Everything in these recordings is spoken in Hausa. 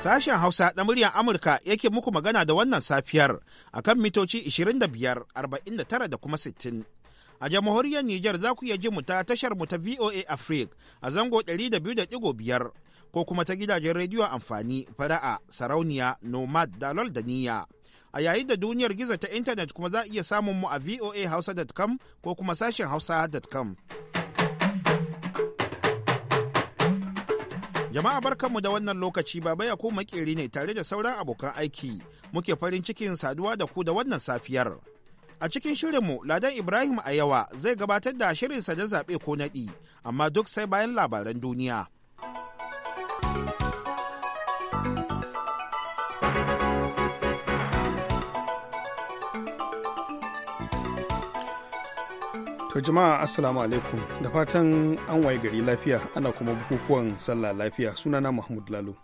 Sashen Hausa na muryar Amurka yake muku magana da wannan safiyar akan mitoci 2549 da kuma 60. a jamhuriyar Nijar za ku iya ji mu ta tashar mu ta VOA Africa a zango 200.5 ko kuma ta gidajen rediyo amfani fara'a sarauniya nomad dalol da niyya A yayin da duniyar gizo ta intanet kuma za a iya samun mu a voahausa.com ko kuma sashen hausa.com. Jama'a barkanmu da wannan lokaci baba ya ko makeri ne tare da sauran abokan aiki muke farin cikin saduwa da ku da wannan safiyar. A cikin shirinmu Ladan Ibrahim a yawa zai gabatar da shirinsa na zaɓe ko naɗi amma duk sai bayan labaran duniya. To jama'a assalamu alaikum da fatan an waye gari lafiya ana kuma bukukuwan sallah lafiya sunana Mahmud Lalo.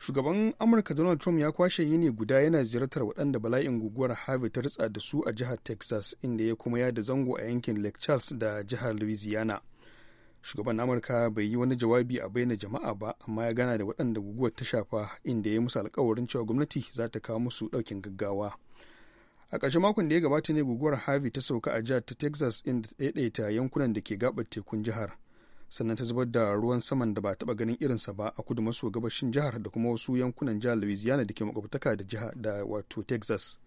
Shugaban Amurka Donald Trump ya kwashe yini guda yana ziyartar waɗanda bala'in guguwar Harvey ta ritsa da su a jihar Texas inda ya kuma ya da zango a yankin Lake Charles da jihar Louisiana. Shugaban Amurka bai yi wani jawabi a bayyana jama'a ba amma ya gana da waɗanda guguwar ta shafa inda ya musu alkawarin cewa gwamnati za ta kawo musu ɗaukin gaggawa. a ƙarshen makon da ya gabata ne guguwar harvey ta sauka a jihar ta texas inda ta ɗaiɗaita yankunan da ke gabar tekun jihar sannan ta zubar da ruwan saman da ba taɓa ganin irinsa ba a kudu maso gabashin jihar da kuma wasu yankunan jihar louisiana da ke makwabtaka da jihar da wato texas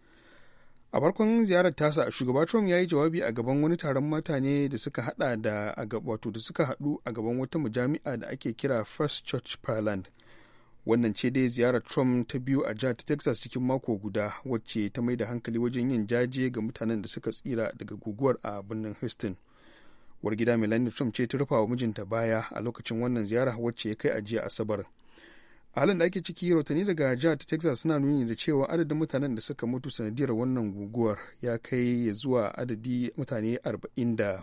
a farkon ziyarar tasa shugaba trump ya yi jawabi a gaban wani taron mutane da suka hada da wato da suka hadu a gaban wata majami'a da ake kira first church parland wannan ce dai ziyarar trump ta biyu a jihar texas cikin mako guda wacce ta mai da hankali wajen yin jaje ga mutanen da suka tsira daga guguwar a birnin houston uwar gida melania trump ce ta rufa wa mijinta baya a lokacin wannan ziyara wacce ya kai a jiya asabar a halin da ake ciki rahotanni daga jihar texas suna nuni da cewa adadin mutanen da suka mutu sanadiyar wannan guguwar ya kai ya zuwa adadi mutane 44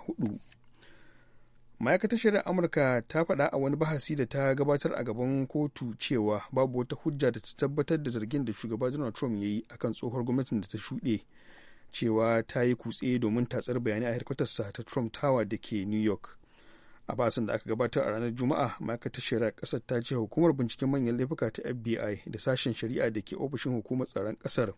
ma'aikatar shari'ar amurka ta faɗa a wani bahasi da ta gabatar a gaban kotu cewa babu wata hujja da ta tabbatar da zargin da shugaba donald trump ya yi akan tsohuwar gwamnatin da ta shuɗe cewa ta yi kutse domin tatsar bayani a harkatarsa ta trump tower da ke new york a basin da aka gabatar a ranar juma'a ma'aikatar shari'ar ƙasar ta ce hukumar binciken manyan laifuka ta fbi da sashen shari'a da ke ofishin hukumar tsaron ƙasar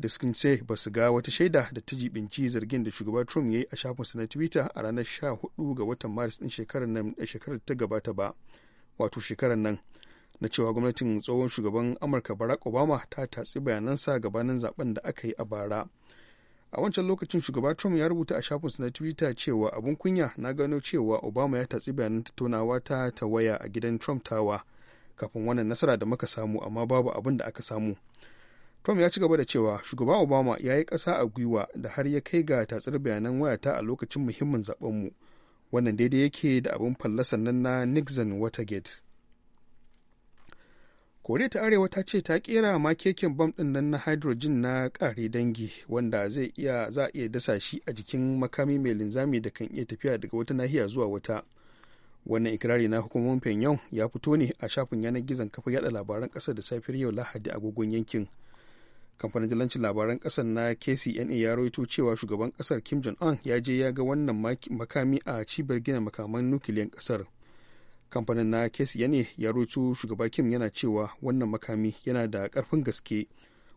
da sun ce ba su ga wata shaida da ta jibinci zargin da shugaba trump ya yi a shafinsa na twitter a ranar 14 ga watan maris din shekarar nan eh, shekarar ta gabata ba wato shekarar nan na cewa gwamnatin tsohon shugaban amurka barack obama ta tatsi bayanansa gabanin zaben da aka yi a bara a wancan lokacin shugaba trump ya rubuta a shafinsa na twitter cewa abun kunya na gano cewa obama ya tatsi bayanan tattaunawa ta ta waya a gidan trump tawa kafin wannan nasara da muka samu amma babu abin da aka samu Trump ya ci gaba da cewa shugaban Obama ya yi ƙasa a gwiwa da har ya kai ga tatsar bayanan wayata a lokacin muhimmin zaɓenmu. Wannan daidai yake da abin fallasan nan na Nixon Watergate. Koriya ta Arewa ta ce ta kera makeken bam ɗin nan na hydrogen na ƙare dangi wanda zai iya za a iya dasa shi a jikin makami mai linzami da kan iya tafiya daga wata nahiya zuwa wata. wannan ikirari na hukumomin pyongyang ya fito ne a shafin yanar gizon kafa yada labaran ƙasa da safiyar yau lahadi agogon yankin kamfanin jalancin labaran kasar na kcna ya rawaito cewa shugaban kasar kim jong un ya je ya ga wannan makami a cibiyar gina makaman nukiliyan kasar kamfanin na kcna ya rawaito shugaba kim yana cewa wannan makami yana da karfin gaske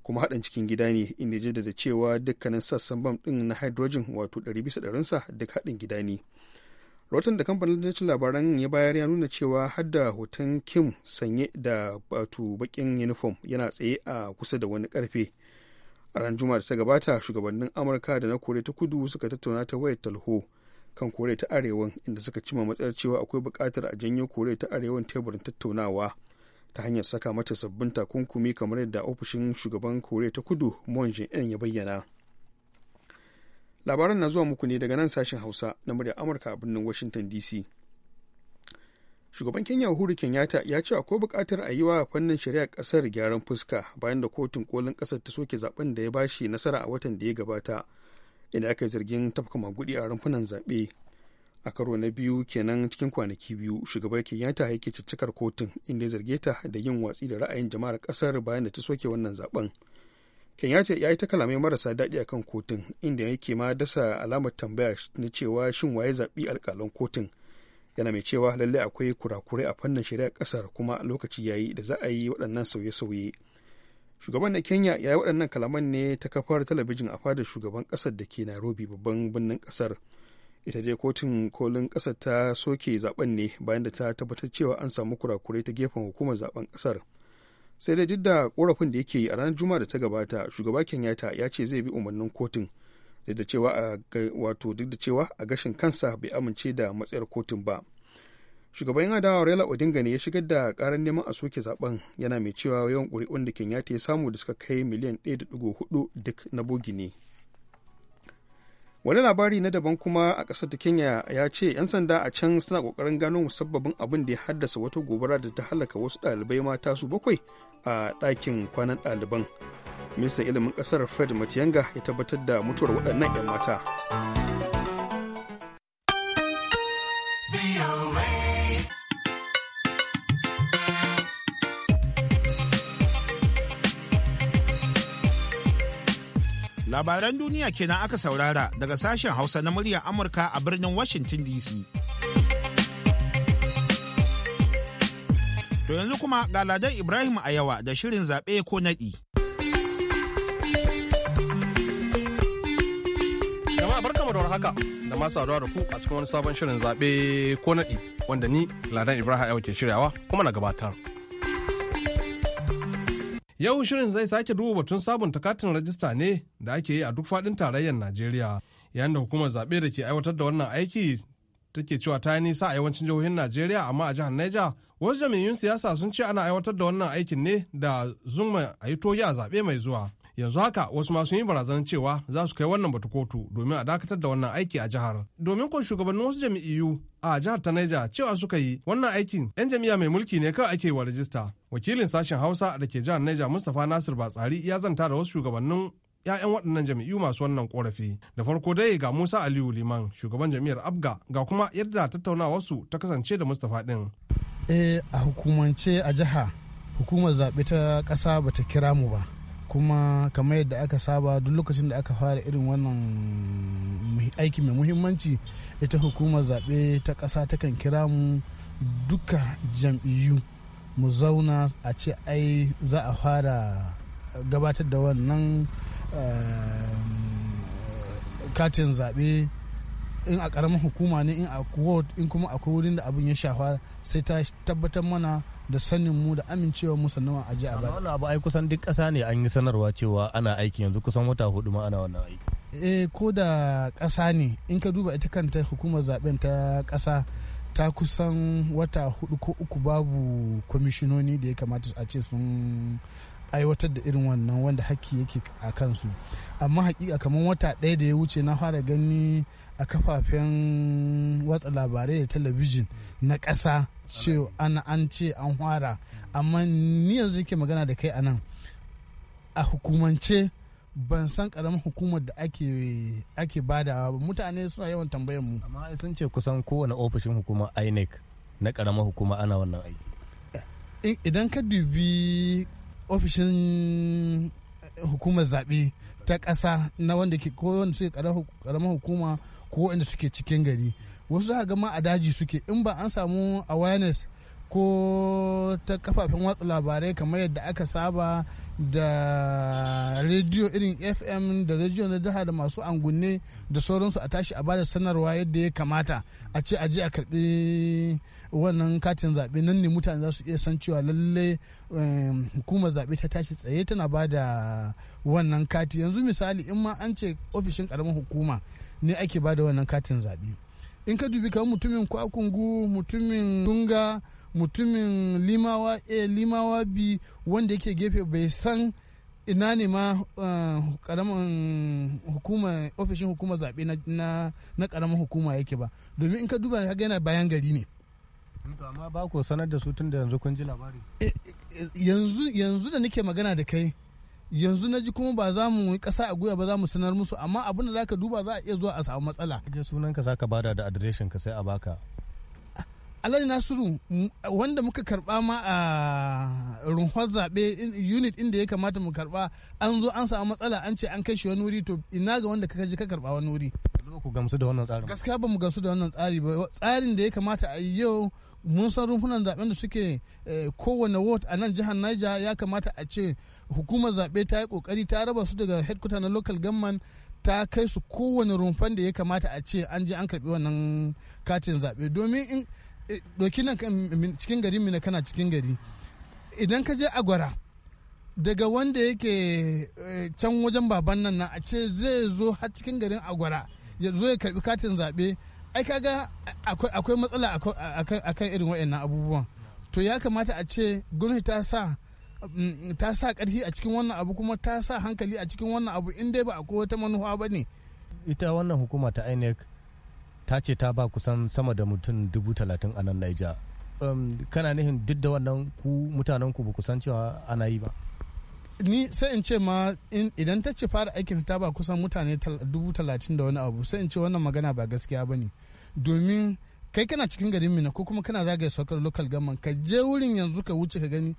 kuma haɗin cikin gida ne inda jaddada cewa dukkanin sassan bam ɗin na hydrogen wato 100 bisa duk haɗin gida ne rahoton da kamfanin dacin labaran ya bayar ya nuna cewa hadda hoton kim sanye da batu bakin uniform yana tsaye a kusa da wani karfe a ran juma'a da ta gabata shugabannin amurka da na kore ta kudu suka tattauna ta wayar talho kan kore ta arewan inda suka cima matsayar cewa akwai bukatar a janyo kore ta arewan teburin tattaunawa ta hanyar saka mata sabbin takunkumi kamar yadda ofishin shugaban kore ta kudu mon ya bayyana labaran na zuwa muku ne daga nan sashen hausa na muryar amurka a birnin washington dc shugaban kenya uhuru kenyatta ya ce akwai bukatar a yi wa fannin shari'a ƙasar gyaran fuska bayan da kotun kolin ƙasar ta soke zaben da ya bashi nasara a watan da ya gabata inda aka yi zargin tafka magudi a rumfunan zaɓe a karo na biyu kenan cikin kwanaki biyu shugaban kenyatta yake ciccikar kotun inda ya zarge ta da yin watsi da ra'ayin jama'ar ƙasar bayan da ta soke wannan zaben kenyatta ya yi ta kalamai marasa daɗi a kan kotun inda yake ma dasa alamar tambaya na cewa shin waye zaɓi alƙalan kotun yana mai cewa lallai akwai kurakurai a fannin shari'a ƙasar kuma lokaci ya yi da za a yi waɗannan sauye-sauye shugaban na kenya ya yi waɗannan kalaman ne ta kafar talabijin a fadar shugaban ƙasar da ke nairobi babban birnin ƙasar ita dai kotun kolin ƙasar ta soke zaben ne bayan da ta tabbatar cewa an samu kurakurai ta gefen hukumar zaben ƙasar sai dai duk da korafin da yake yi a ranar juma'a da ta gabata shugaba kenyatta ya ce zai bi umarnin kotun duk da cewa wato duk da cewa a gashin kansa bai amince da matsayar kotun ba shugaban adawa raila odinga ne ya shigar da karar neman a soke zaben yana mai cewa yawan kuri'un da kenyatta ya samu da suka kai miliyan 1.4 duk na bogi ne. wani labari na daban kuma a ƙasar ta kenya ya ce 'yan sanda a can suna ƙoƙarin gano musabbabin abin da ya haddasa wata gobara da ta halaka wasu ɗalibai mata su bakwai a ɗakin kwanan ɗaliban ministan ilimin ƙasar fred matiyanga ya tabbatar da mutuwar waɗannan 'yan mata. Labaran duniya kenan aka saurara daga sashen Hausa na muryar Amurka a birnin Washington DC. To yanzu kuma ga Ladan Ibrahim Ayawa da shirin zaɓe ko naɗi. Jama'a haka da masu saduwa da ku a cikin wani sabon shirin zaɓe ko naɗi wanda ni Ladan Ibrahim Ayawa ke shiryawa kuma na gabatar. Yau shirin zai sake duba batun sabunta katin rajista ne da ake yi a duk faɗin tarayyar Najeriya, yayin da hukumar zaɓe da ke aiwatar da wannan aiki take cewa ta yi nisa a yawancin jihohin Najeriya amma a jihar Niger wasu jami'un siyasa sun ce ana aiwatar da wannan aikin ne da zuma a yi a zaɓe mai zuwa. yanzu haka wasu masu yin yi barazanar cewa za su kai wannan batu kotu domin a dakatar da wannan aiki a jihar domin ko shugabannin wasu jami'u a jihar ta Niger cewa suka yi wannan aikin yan jami'a mai mulki ne kawai ake wa rajista wakilin sashen Hausa da ke jihar Niger Mustapha Nasir Batsari ya zanta da wasu shugabannin ‘ya'yan waɗannan jami'u masu wannan korafi da farko dai ga musa aliyu liman shugaban jami'ar abga ga kuma yadda tattaunawarsu ta kasance da mustapha ɗin eh a hukumance a jiha hukumar zaɓe ta ƙasa ba ta kira mu ba kuma kamar yadda aka saba duk lokacin da aka fara irin wannan aiki mai muhimmanci ita hukumar zaɓe ta ƙasa takan kira mu duka jam'iyyu mu zauna a ce ai za a fara gabatar da wannan eh, katin zaɓe in a karamin hukuma ne in a ward in kuma akwai wurin da abin ya shafa sai ta tabbatar mana da sanin mu da amincewa mu sannan a je a bada. Wannan abu ai kusan duk ƙasa ne an yi sanarwa cewa ana aiki yanzu kusan wata hudu ma ana wannan aiki. Eh ko da ƙasa ne in ka duba ita kanta hukumar zaben ta ƙasa ta kusan wata hudu ko uku babu kwamishinoni da ya kamata a ce sun aiwatar da irin wannan wanda haƙƙi yake a kansu amma hakika kamar wata ɗaya da ya wuce na fara gani a kafafen watsa labarai da talabijin na ƙasa cewa an ce an hwara amma ni yanzu nake magana da kai a nan a hukumance ban san karamin hukumar da ake badawa ba mutane suna yawan tambayar mu amma sun ce kusan kowane ofishin hukumar INEC na karamin hukuma ana wannan aiki idan ka dubi ofishin eh, hukumar zaɓe ta ƙasa na wanda ke koyon wanda suke karamin hukuma ko inda suke cikin gari wasu za ga ma a daji suke in ba an samu awareness ko ta kafafen watsa labarai kamar yadda aka saba da rediyo irin fm da rediyo na jiha da masu angunne da sauransu a tashi a bada sanarwa yadda ya kamata a ce a ji a karbi wannan katin zaɓe nan ne mutane za su iya san cewa lalle hukumar zaɓe ta tashi tsaye tana bada wannan kati yanzu misali in ma an ce ofishin ƙaramin hukuma ne ake ba da wannan katin zaɓe in ka dubi kamar mutumin kwakungu mutumin dunga mutumin limawa a limawa b wanda yake gefe bai san ina ne ma karamin eh, hukuma ofishin hukuma zaɓe na karamin hukuma yake ba domin in ka duba kaga yana bayan gari ne amma ba ku sanar da su tun da yanzu kun ji labari eh, eh, yanzu da nake magana da kai yanzu na ji kuma ba za mu yi kasa a guya ba za mu sanar musu amma abin da za ka duba za a iya zuwa a samu matsala. Je sunanka za ka bada da adireshin ka sai a baka. Alhaji Nasiru wanda muka karba ma a runhuwar zaɓe unit inda ya kamata mu karba an zo an samu matsala an ce an kai shi wani wuri to ina ga wanda ka je ka karba wani wuri. ku gamsu da wannan tsarin. Gaskiya ba mu gamsu da wannan tsari ba tsarin da ya kamata a yi yau mun san rumfunan zaben da suke eh, kowane ward a nan jihar Niger ya kamata a ce hukumar zaɓe ta yi ƙoƙari ta raba su daga headquarter na local government ta kai su kowane rumfan da ya kamata a ce an je an karɓi wannan katin zaɓe domin in doki eh, nan cikin gari mina kana cikin gari idan ka je agwara daga wanda yake eh, can wajen baban nan na a ce zai zo har cikin garin agwara ya zo ya karɓi katin zaɓe ai kaga akwai matsala akan irin waɗannan abubuwan to ya kamata a ce gwamnati ta sa Mm, ta sa ƙarfi a cikin wannan abu kuma ta sa hankali a cikin wannan abu in dai ba akwai wata manufa ba ne ita wannan hukuma ta inec ta ce ta ba kusan sama da mutum dubu talatin a nan naija um, kana nihin duk da wannan ku mutanen ku ba kusan cewa ana yi ba ni sai in ce ma idan ta ce fara aikin ta ba kusan mutane dubu talatin da wani abu sai in ce wannan magana ba gaskiya ba ne domin kai kana cikin garin mina ko kuma kana zagaya saukar lokal government ka je wurin yanzu ka wuce ka gani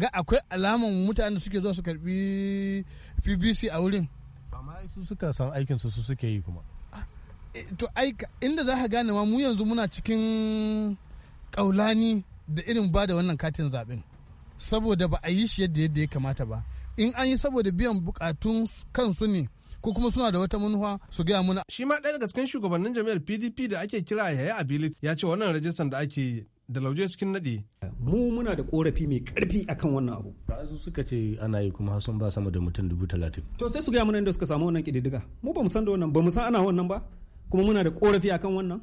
ga akwai alaman mutanen da suke zuwa su karbi pbc a wurin su suka san aikin su suke yi kuma ah, eh, to ai inda za ka gane ma mu yanzu muna cikin kaulani da irin ba da wannan katin zaben saboda ba a yi shi yadda ya kamata ba in an yi saboda biyan bukatun kansu ne ko kuma suna da wata manufa su gaya muna. Shi ma ɗaya daga cikin shugabannin jami'ar PDP da ake kira a Abili ya ce wannan rajistan da ake da lauje cikin naɗi. Mu muna da korafi mai ƙarfi akan wannan abu. Ra'azu suka ce ana yi kuma sun ba sama da mutum dubu talatin. To sai su gaya mana inda suka samu wannan ƙididdiga. Mu ba mu san da wannan ba mu san ana wannan ba kuma muna da korafi akan wannan.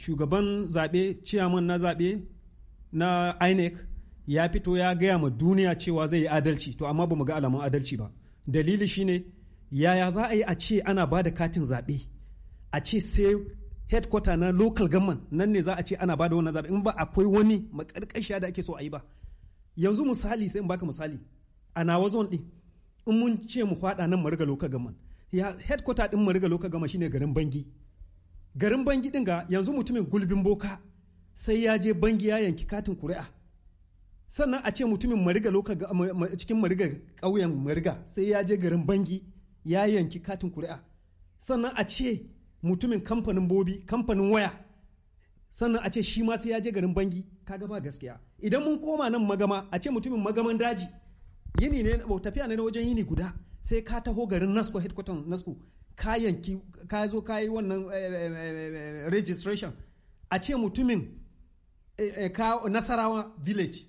shugaban zaɓe ciyaman na zaɓe na INEC ya fito ya gaya ma duniya cewa zai yi adalci to amma ba mu ga alamun adalci ba. Dalili shine yaya za a yi a ce ana ba da katin zaɓe a ce sai headquarter na local government nan ne za a ce ana ba da wannan zaɓe in ba akwai wani makarƙashiya da ake so a yi ba yanzu misali sai in baka misali a nawa zone ɗin in mun ce mu faɗa nan mu riga local government ya headquarter ɗin mu riga local government shine garin bangi garin bangi ɗin ga yanzu mutumin gulbin boka sai ya je bangi ya yanki katin kuri'a sannan a ce mutumin mariga cikin mariga ƙauyen mariga sai ya je garin bangi ya yanki katin kuri'a sannan a ce mutumin kamfanin bobi kamfanin waya sannan a ce shi ma sai ya je garin bangi kaga ba gaskiya idan mun koma nan magama a ce mutumin magaman daji yini ne tafiya ne wajen yini guda sai ka taho garin nasco headquarter nasco ka yanki ka zo ka yi wannan eh, eh, eh, registration a ce mutumin nasarawa village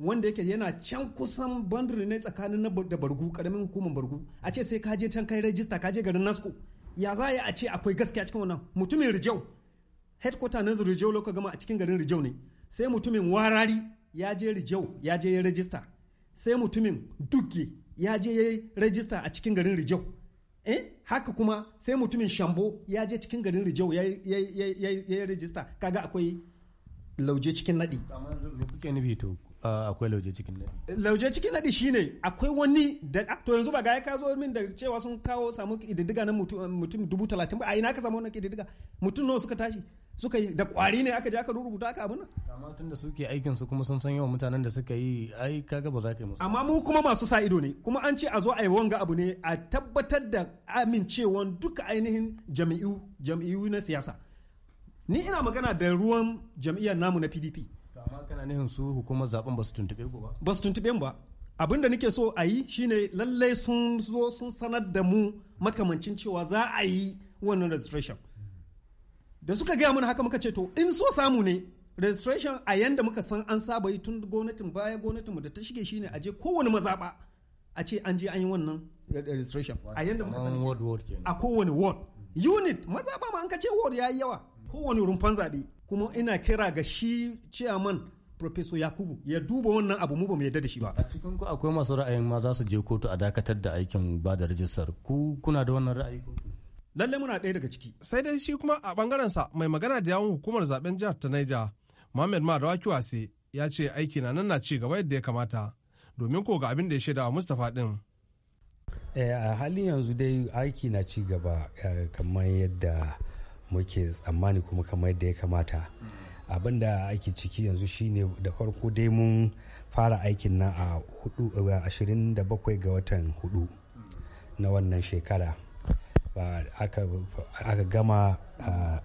wanda yake yana can kusan bandiri ne tsakanin da bargu karamin hukumar bargu a ce sai ka je can kai rajista ka je garin nasko ya za a ce akwai gaskiya cikin wannan mutumin rijau headquarter na rijau lokacin gama a cikin garin rijau ne sai mutumin warari ya je rijau ya je ya rajista sai mutumin dukke ya je ya rajista a cikin garin rijau eh haka kuma sai mutumin shambo ya je cikin garin rijau ya yi rajista kaga akwai lauje cikin nadi Ah, akwai lauje cikin naɗi. Lauje cikin naɗi shine akwai wani da to yanzu ba ga ya kazo min da cewa sun kawo samu kididdiga na mutum dubu talatin ba a ina ka samu wannan kididdiga mutum nawa suka tashi suka yi da kwari ne aka je aka rubuta aka abin nan. Amma tun da suke aikin su kuma sun san yawan mutanen da suka yi ai kaga ba za ka yi musu. Amma mu kuma masu sa ido ne kuma an ce a zo a yi wanga abu ne a tabbatar da amincewan duka ainihin jam'iyyu jam'iyyu na siyasa. Ni ina magana da ruwan jam'iyyar namu na PDP. amma kana nihin su hukumar zaben ba su tuntube ku ba ba su tuntube mu ba abin nake so a yi shine lallai sun zo sun sanar da mu makamancin cewa za a yi wannan registration da suka gaya mana haka muka ce to in so samu ne registration a yanda muka san an saba yi tun gwamnatin baya gwamnatin mu da ta shige shine a je kowane mazaba a ce an je an yi wannan registration a yanda muka san a kowane ward unit mazaba ma an ka ce ward yayi yawa kowane rumfan zaɓe kuma ina kira ga shi ciyaman Professor Yakubu ya duba wannan abu mu ba mu yarda da shi ba. A cikin ku akwai masu ra'ayin ma za su je kotu a dakatar da aikin ba da rajistar. Ku kuna da wannan ra'ayi ko. Lalle muna ɗaya daga ciki. Sai dai shi kuma a bangaren sa mai magana da yawun hukumar zaben jihar ta Niger, Mohammed Madawa Wase ya ce aiki na nan na ci gaba yadda ya kamata. Domin ko ga abin da ya shaida wa Mustapha din. Eh, a halin yanzu dai aiki na ci gaba eh, kamar yadda muke tsammani kuma kamar yadda ya kamata abin da ake ciki yanzu shine da farko dai mun fara aikin na a 27 ga watan 4 na wannan shekara aka gama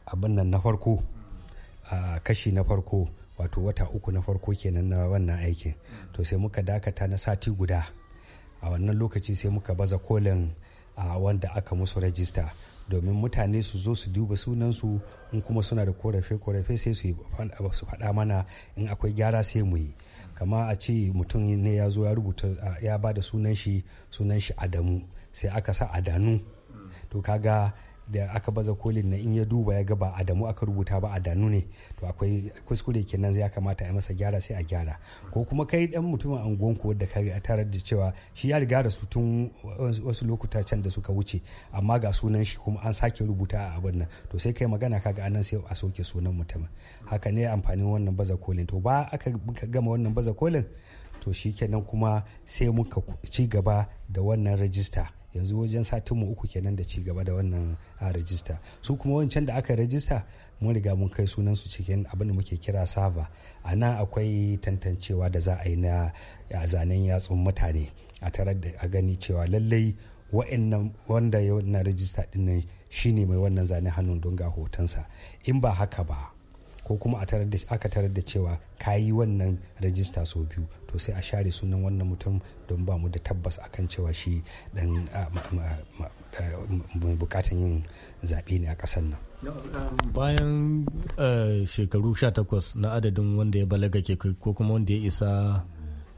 abin nan na farko kashi na farko wato wata uku na farko kenan na wannan aikin to sai muka dakata na sati guda a wannan lokaci sai muka baza kolin wanda aka musu rajista domin mutane su zo su duba sunansu in kuma suna da korafe-korafe sai su faɗa mana in akwai gyara sai mu yi kama a ce mutum ne ya zo ya rubuta ya ba da sunan shi sunan shi adamu sai aka sa adanu to kaga da aka baza kolin na in ya duba ya ga ba adamu aka rubuta ba adanu ne to akwai kuskure kenan ya kamata a masa gyara sai a gyara ko kuma kai dan mutumin angonku wadda ka a tarar da cewa shi ya riga da su tun wasu lokuta can da suka wuce amma ga sunan shi kuma an sake rubuta a abin nan to sai kai magana kaga anan sai a soke sunan mutumin haka ne amfanin wannan baza kolin to ba aka gama wannan baza kolin to shi shikenan kuma sai muka ci gaba da wannan rajista yanzu wajen satin mu uku kenan da ci gaba da wannan a ah, rajista su kuma wancan da aka rajista mun riga mun kai sunan su cikin abin da muke kira sava a nan akwai tantancewa da za a yi na ah, zanen yatsun mutane a tarar da a gani cewa lallai wa'annan wanda ya wannan rajista din nan shine mai wannan zanen hannun don ga hotonsa in ba haka ba ko kuma aka tarar da cewa ka yi wannan rajista sau biyu to sai a share sunan wannan mutum don ba mu da tabbas a kan cewa shi dan mai bukatan yin zaɓe ne a ƙasar nan bayan eh, shekaru 18 na adadin wanda ya balaga ke ko kuma wanda ya isa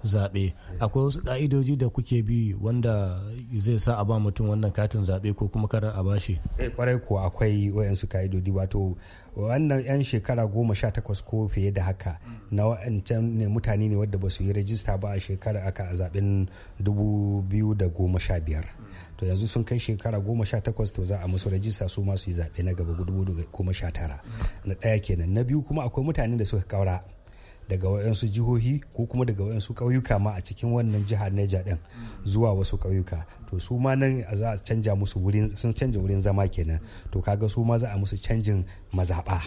zaɓe akwai wasu ƙa'idoji da kuke bi wanda zai sa a ba mutum wannan katin zaɓe ko kuma karar a bashi kwarai eh, ko akwai wayansu ƙa'idoji wato wannan 'yan shekara goma sha takwas ko fiye da haka na wa'ancan ne mutane ne wadda ba su yi rajista ba a shekara aka a zaɓen dubu biyu da goma sha biyar to yanzu sun kai shekara goma sha takwas to za a musu rajista su masu yi zaɓe na gaba dubu goma sha tara na ɗaya kenan na biyu kuma akwai mutane da suka kaura daga wayansu jihohi ko kuma daga wayansu ƙauyuka ma a cikin wannan jihar Niger din zuwa wasu ƙauyuka to su ma nan za a canja musu wurin sun canja wurin zama kenan to kaga su ma za a musu canjin mazaɓa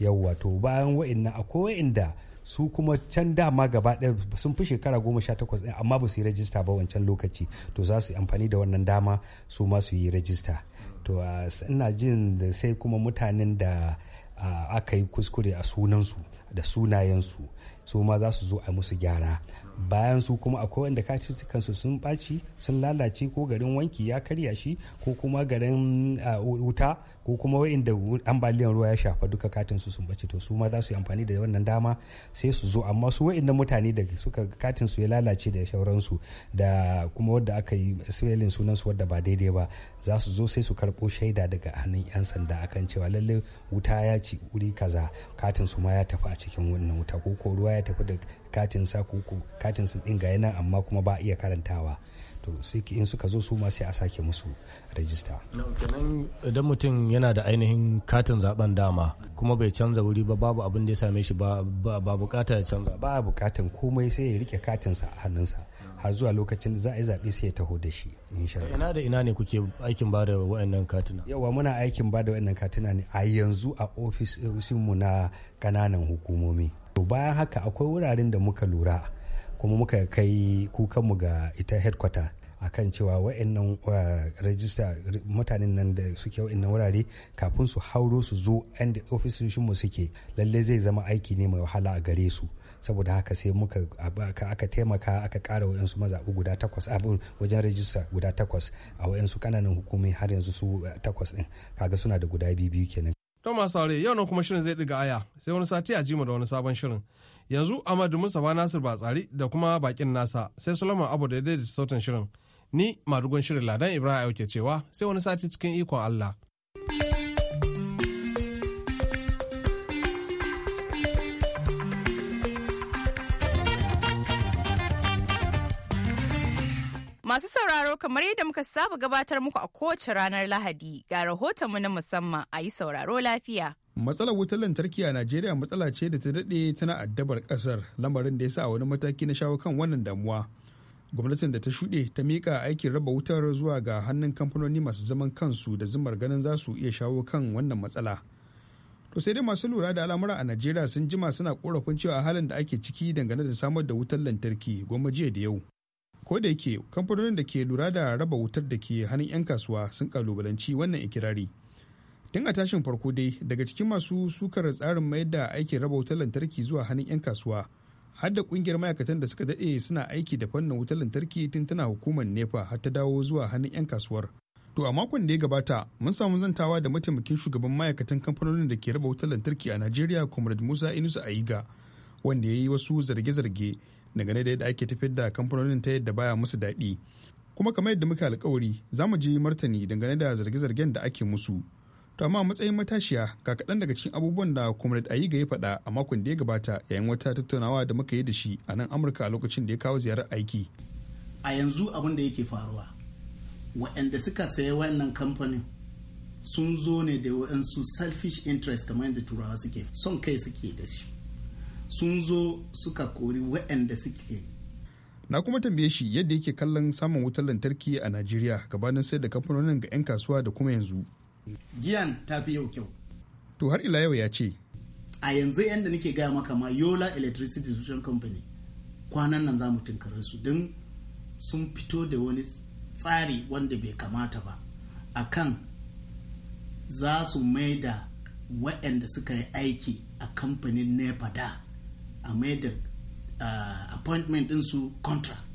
yawwa to bayan wa'annan akwai wa'inda su kuma can dama gaba ɗaya sun fi shekara goma sha takwas ɗin amma ba su yi rajista ba wancan lokaci to za su yi amfani da wannan dama su ma su yi rajista to ina jin da sai kuma mutanen da aka yi kuskure a sunansu da sunayensu su ma za su zo a musu gyara bayan su kuma akwai wanda kacin su sun ɓaci sun lalace ko garin wanki ya karya shi ko kuma garin wuta ko kuma wa'inda ambaliyan ruwa ya shafa duka katin su sun ɓaci to su ma za su yi amfani da wannan dama sai su zo amma su wa'inda mutane da suka katin su ya lalace da shauransu da kuma wadda aka yi swelling sunan su wadda ba daidai ba za su zo sai su karɓo shaida daga hannun yan sanda akan cewa lallai wuta ya ci wuri kaza katin su ma ya tafi a cikin wannan wuta ko ko ruwa ya tafi da katin sa ko katin sun din gaya nan amma kuma ba iya karantawa to sai in suka zo su ma sai a sake musu rajista kenan idan mutum yana da ainihin katin zaben dama kuma bai canza wuri ba babu abin da ya same shi ba ba bukata ya canza ba bukatan komai sai ya rike katinsa a hannunsa har zuwa lokacin da za a yi zaɓe sai ya taho da shi insha Allah. Ina da ina ne kuke aikin ba da wa'annan katuna? Yawa muna aikin ba da wa'annan katuna ne a yanzu a ofis mu na kananan hukumomi. bayan haka akwai wuraren da muka lura kuma muka kai kukanmu ga ita a akan cewa wa'annan uh, rajista mutanen nan da suke wa'annan wurare kafin su hauro su zo inda ofisoshinmu suke lalle zai zama aiki ne mai wahala a gare su saboda haka sai muka aka taimaka aka kara wa'ansu mazaɓu guda takwas abin wajen rajista guda takwas a wa'ansu kananan hukumi har yanzu su uh, takwas din kaga suna da guda biyu biyu kenan ta masu aure yau nan kuma shirin zai ɗiga aya sai wani sati a jima da wani sabon shirin. Yanzu Amadu Mustapha Nasir tsari da kuma bakin nasa sai Sulaiman Abu da daidaita sautin shirin. Ni madugun shirin Ladan Ibrahim ke cewa sai wani sati cikin ikon Allah. Masu sauraro kamar yadda muka saba gabatar muku a kowace ranar Lahadi ga mu na musamman a yi sauraro lafiya. Matsalar wutar lantarki a Najeriya matsala ce da ta daɗe tana addabar kasar lamarin da ya sa wani mataki na shawo kan wannan damuwa. Gwamnatin da ta shuɗe ta miƙa aikin raba wutar zuwa ga hannun kamfanoni masu zaman kansu da zumar ganin za su iya shawo kan wannan matsala. To sai dai masu lura da al'amura a Najeriya sun jima suna korafin cewa halin da ake ciki dangane da samar da wutar lantarki goma jiya da yau ko da yake kamfanonin da ke lura da raba wutar da ke hannun 'yan kasuwa sun kalubalanci wannan ikirari tun a tashin farko dai daga cikin masu sukar tsarin mai da aikin raba wutar lantarki zuwa hannun 'yan kasuwa har da kungiyar ma'aikatan da suka daɗe suna aiki da fannin wutar lantarki tun tana hukumar nepa har ta dawo zuwa hannun 'yan kasuwar to a makon da ya gabata mun samu zantawa da mataimakin shugaban ma'aikatan kamfanonin da ke raba wutar lantarki a najeriya comrade musa inusa ayiga wanda ya yi wasu zarge-zarge dangane da yadda ake tafiyar da kamfanonin ta yadda baya musu daɗi kuma kamar yadda muka alkawari za mu je martani dangane da zarge-zargen da ake musu to amma matsayin matashiya ga kaɗan daga cikin abubuwan da comrade ga ya faɗa a makon da ya gabata yayin wata tattaunawa da muka yi da shi a nan amurka a lokacin da ya kawo ziyarar aiki a yanzu abin da yake faruwa waɗanda suka saya wannan kamfanin sun zo ne da waɗansu selfish interest kamar yadda turawa suke son kai suke da shi sun zo suka kori waɗanda suke na kuma tambaye shi yadda yake kallon samun wutar lantarki a najeriya gabanin sayar da kamfanonin ga 'yan kasuwa da kuma yanzu jiyan ta fi yau kyau to har ila yau ya ce a yanzu yadda nake gaya maka ma yola electricity distribution company kwanan nan za mu tunkare su don sun fito da wani tsari wanda bai kamata ba akan za su mai da waɗanda suka yi aiki a kamfanin nepa da a mai da uh, appointment su contract.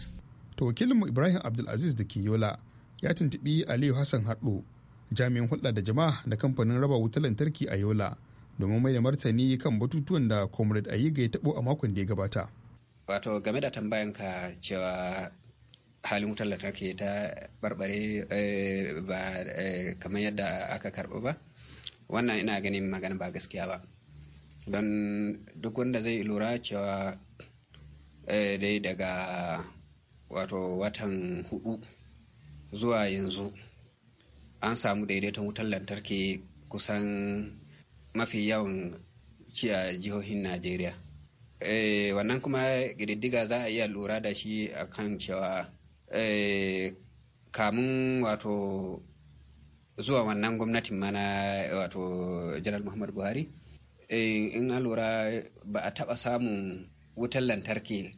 To wakilinmu Ibrahim Abdulaziz da ke Yola ya tuntubi Aliyu Hassan Haɗo jami'in hulɗa da jama'a da kamfanin raba wutar lantarki a Yola domin mai da martani kan batutuwan da Comrade Ayiga ya taɓo a makon da ya gabata. Wato game da tambayanka cewa halin wutar lantarki ta barbare eh, ba eh, kamar yadda aka karɓi ba wannan ina ganin magana ba gaskiya ba don duk wanda zai lura cewa eh, dai daga wato watan hudu zuwa yanzu an samu daidaiton wutar lantarki kusan mafi yawan ci a jihohin najeriya eh, wannan kuma ƙididdiga za a iya lura da shi a kan cewa eh, kamun wato zuwa wannan gwamnatin mana wato janar muhammadu buhari in an lura ba a taɓa samun wutar lantarki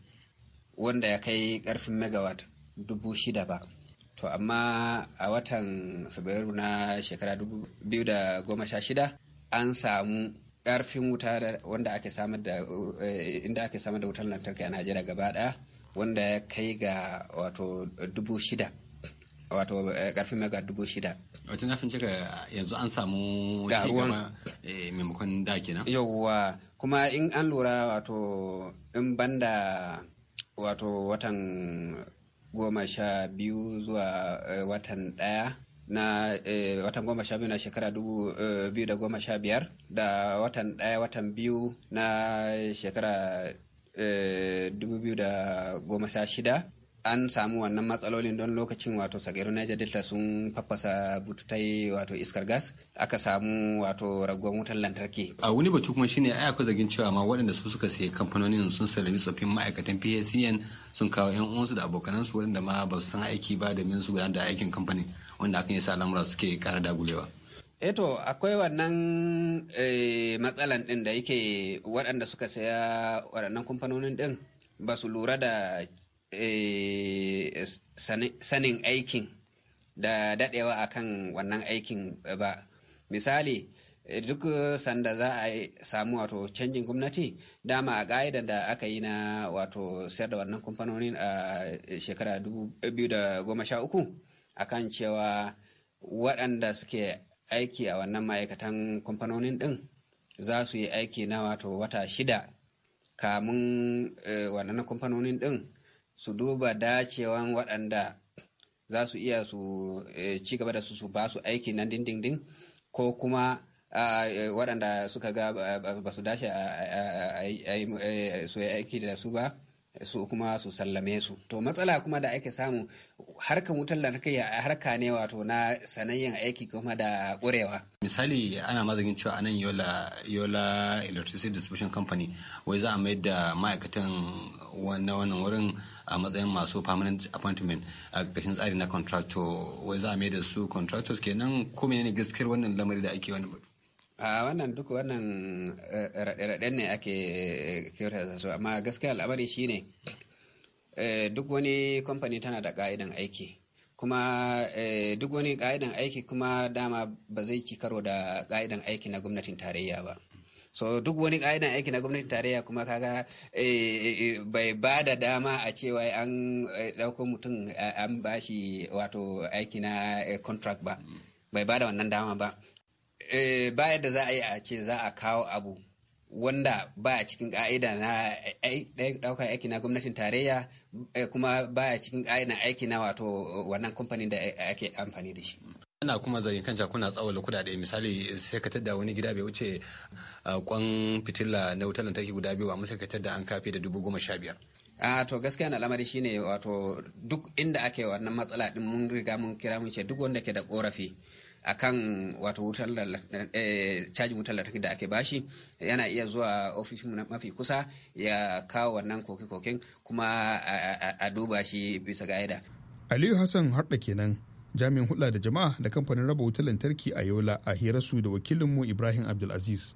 wanda ya kai karfin megawatt dubu shida ba to amma a watan fabrairu na shekara dubu biyu da goma sha shida an samu ƙarfin wuta wanda ake samar da eh, inda ake samar da wutar lantarki a najeriya gaba ɗaya wanda ya kai ga wato dubu shida wato karfin eh, mega dubu shida. Wato na cika yanzu an samu cigaba eh, maimakon da kenan. Yawwa kuma in an lura wato in banda wato watan goma sha biyu zuwa eh, watan ɗaya na watan goma sha biyu na shekara dubu biyu da goma sha biyar da watan ɗaya watan biyu na shekara dubu biyu da goma sha shida an samu wannan matsalolin don lokacin wato sagero niger delta sun faffasa bututai wato iskar gas aka samu wato raguwar wutar lantarki a wani batu kuma shine ai akwai zagin cewa ma waɗanda su suka sayi kamfanonin sun salami tsoffin ma'aikatan pscn e sun kawo yan uwansu da abokanan su waɗanda ma ba su san aiki ba domin su gudanar da aikin kamfanin wanda hakan yasa lamura suke ƙara dagulewa eto eh akwai wannan eh, matsalan ɗin da yake waɗanda suka saya waɗannan kamfanonin ɗin ba su lura da Eh, sanin aikin da dadewa akan wannan aikin ba misali eh, duk sanda za a samu wato canjin gwamnati dama a ƙa'idar da aka yi na wato sayar da wannan kamfanoni a eh, shekara 2013 akan cewa waɗanda suke aiki a wannan ma'aikatan kamfanonin ɗin za su yi aiki na wato wata shida kamun wannan kamfanonin ɗin su duba dacewan waɗanda za su iya su eh, ci gaba da su su ba su aiki nan dindindin ko kuma eh, waɗanda suka ga ba su dace eh, su yi aiki da su ba su kuma su sallame su to matsala kuma da ake samu harkar wutar lantarki harka ne wato na sanayyan aiki kuma da ƙurewa misali ana mazagin cewa anan yola yola electricity distribution company wai za a mai da ma'aikatan wannan wannan wurin a matsayin masu permanent appointment a ƙarƙashin tsari na contractor wai za a mai da su contractors kenan ko menene gaskiyar wannan lamari da ake wani batu a wannan duk wannan eh, raɗe-raɗen ne ake kyauta su amma gaskiya al'amari shine eh, duk wani kamfani tana da ƙa'idan aiki kuma eh, duk wani ƙa'idan aiki kuma dama ba zai ci karo da ƙa'idan aiki na gwamnatin tarayya ba so duk wani ƙa'idan aiki na gwamnatin tarayya kuma kaga bai ba da dama a cewa an ɗauko mutum an bashi wato aiki na contract ba bai ba da wannan dama ba Eh, baya da za a yi a ce za a kawo abu wanda ba a cikin ka'ida na daukar aiki na gwamnatin tarayya eh, kuma ba a cikin ka'ida aiki na wato wannan kamfanin da ake amfani da shi. ana kuma zargin kanta kuna tsawala kudade misali sai ka tada wani gida bai wuce kwan ah, fitila na wutar lantarki guda biyu amma sai ka tada an kafe da dubu goma sha biyar. a to gaskiya na shi shine wato duk inda ake wannan matsala din mun riga mun kira mun ce duk wanda ke da korafi akan wato wutar eh, cajin wutar lantarki da ake bashi yana iya zuwa ofishin mafi kusa ya kawo wannan koke-koken kuma a duba shi bisa ga'ida. Aliyu Hassan har harda kenan jami'in hula da jama'a da kamfanin raba wutar lantarki a Yola a hirarsu da wakilinmu Ibrahim Abdulaziz.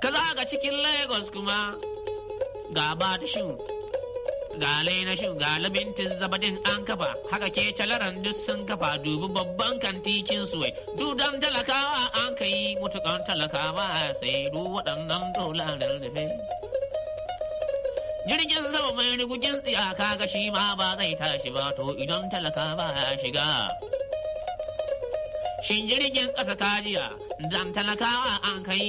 ka za ga cikin lagos kuma ga batishin ga lainashin ga labintin zabadin an kafa haka ke calaran duk sun kafa dubi babban kantikin suwai dudan talakawa an ka yi mutukan talakawa sai du waɗannan dolarar nufi jirgin sama mai rigujin tsiyaka ga shi ma ba zai tashi ba to idan talakawa ya shiga shin jirgin ƙasa kajiya dan talakawa an kai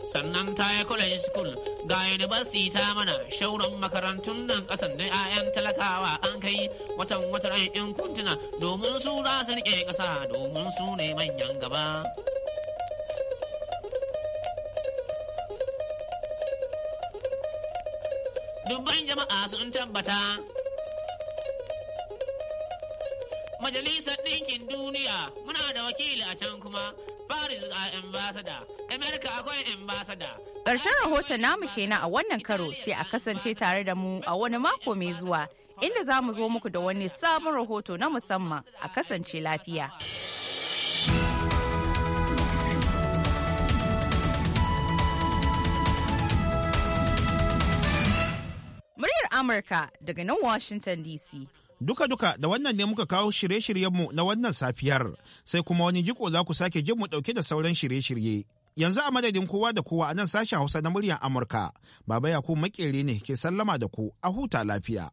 sannan ta yi kula school ga university ta mana shauran makarantun nan kasan na 'ya'yan talakawa an kai watan watan in kuntuna domin su za su rike kasa domin su ne manyan gaba dubban jama'a sun tabbata majalisar ɗinkin duniya muna da wakili a can kuma Paris uh, a America akwai Ƙarshen rahoton namu kenan a wannan karo sai a kasance tare da mu a wani mako mai zuwa inda za mu zo muku da wani sabon rahoto na musamman a kasance lafiya. Muryar Amurka daga nan Washington DC. Duka-duka da wannan ne muka kawo shirye-shiryenmu na wannan safiyar, sai kuma wani jiko za ku sake jin mu ɗauke da sauran shirye-shirye. Yanzu a madadin kowa da kowa a nan sashen Hausa na muryar Amurka, Baba Yakubu Makeri ne ke sallama da ku a huta lafiya.